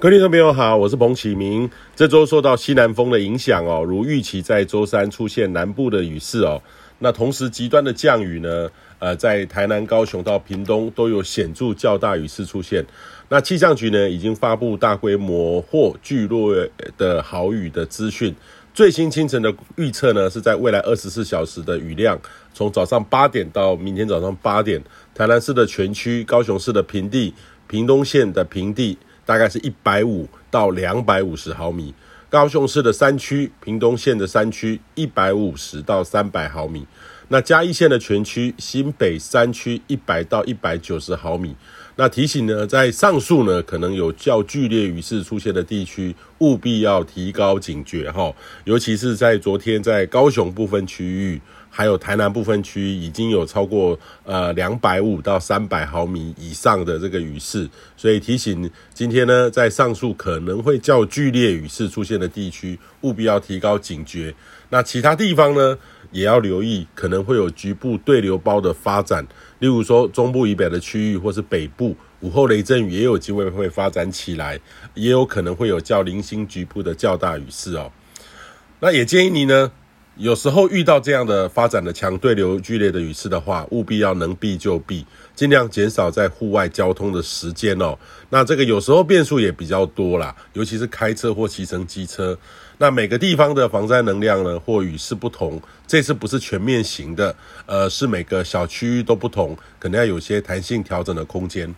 各位聽眾朋友好，我是彭啟明。這周受到西南風的影響哦，如預期在周三出現南部的雨勢哦。那同時極端的降雨呢，呃，在台南、高雄到屏東都有顯著較大雨勢出現。那氣象局呢已經發布大規模或劇烈的豪雨的資訊。最新清晨的預測呢，是在未來二十四小時的雨量，從早上八點到明天早上八點，台南市的全區、高雄市的平地、屏東縣的平地。大概是一百五到兩百五十毫米，高雄市的山區、屏東縣的山區一百五十到三百毫米，那嘉義縣的全區、新北山區一百到一百九十毫米。那提醒呢，在上述呢可能有較劇烈雨勢出現的地區，務必要提高警覺哈，尤其是在昨天在高雄部分區域。還有台南部分區域已經有超過呃兩百五到三百毫米以上的這個雨勢，所以提醒今天呢，在上述可能會較劇烈雨勢出現的地區，務必要提高警覺。那其他地方呢，也要留意可能會有局部對流胞的發展，例如說中部以北的區域或是北部午後雷陣雨也有機會會發展起來，也有可能會有較零星局部的較大雨勢哦。那也建議你呢。有時候遇到這樣的發展的強對流，劇烈的雨勢的話，務必要能避就避，盡量減少在戶外交通的時間哦。那這個有時候變數也比較多啦，尤其是開車或騎乘機車。那每個地方的防災能量呢，或雨勢不同，這次不是全面型的，呃，是每個小區域都不同，可能要有些彈性調整的空間。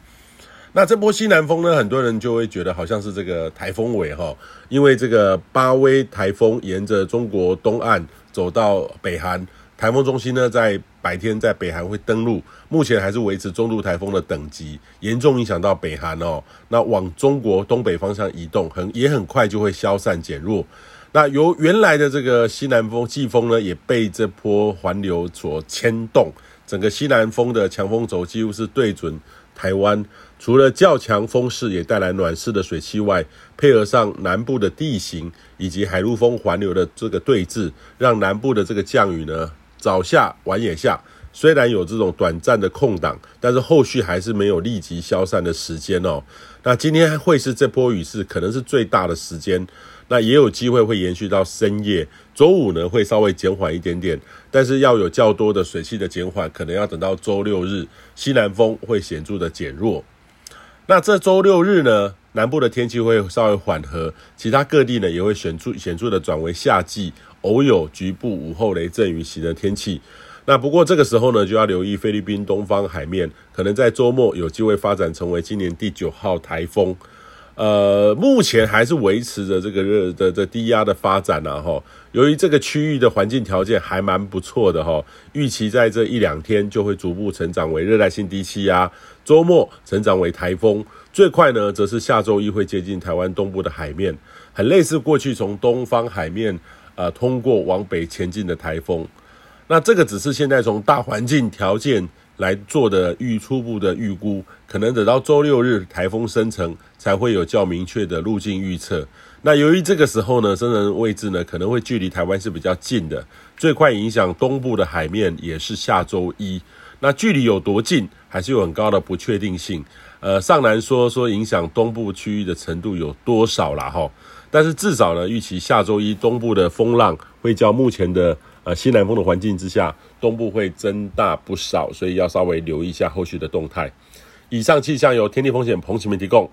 那這波西南風呢，很多人就會覺得好像是這個颱風尾齁，因為這個巴威颱風沿着中國東岸。走到北韓，颱風中心呢，在白天在北韓會登陸，目前還是維持中度颱風的等級，嚴重影響到北韓哦。那往中國東北方向移動，很也很快就會消散減弱。那由原來的這個西南風季風呢，也被這波環流所牽動，整個西南風的強風軸幾乎是對準。台灣除了較強風勢也帶來暖濕的水汽外，配合上南部的地形以及海陸風環流的這個對峙，讓南部的這個降雨呢早下晚也下。雖然有這種短暫的空檔，但是後續還是沒有立即消散的時間哦。那今天會是這波雨勢可能是最大的時間，那也有機會會延續到深夜。周五呢會稍微減緩一點點，但是要有較多的水汽的減緩，可能要等到周六日，西南風會顯著的減弱。那這周六日呢，南部的天氣會稍微緩和，其他各地呢也會顯著顯著的轉為夏季，偶有局部午後雷陣雨型的天氣。那不過這個時候呢，就要留意菲律賓東方海面，可能在周末有機會發展成為今年第九號颱風。呃，目前還是維持着這個熱的、的、的低壓的發展呢、啊，哈、哦。由於這個區域的環境條件還蠻不錯的，哈、哦，預期在這一兩天就會逐步成長為熱帶性低氣壓，周末成長為颱風。最快呢，則是下周一會接近臺灣東部的海面，很類似過去從東方海面呃通過往北前進的颱風。那這個只是現在從大環境條件來做的預初步的預估，可能等到周六日颱風生成，才會有較明確的路徑預測。那由於這個時候呢，生成位置呢，可能會距離台灣是比較近的，最快影響東部的海面也是下周一。那距離有多近，還是有很高的不確定性。呃，尚難說說影響東部區域的程度有多少了哈，但是至少呢，預期下周一東部的風浪會較目前的。啊，西南風的環境之下，東部會增大不少，所以要稍微留意一下後續的動態。以上氣象由天氣風險彭啟明提供。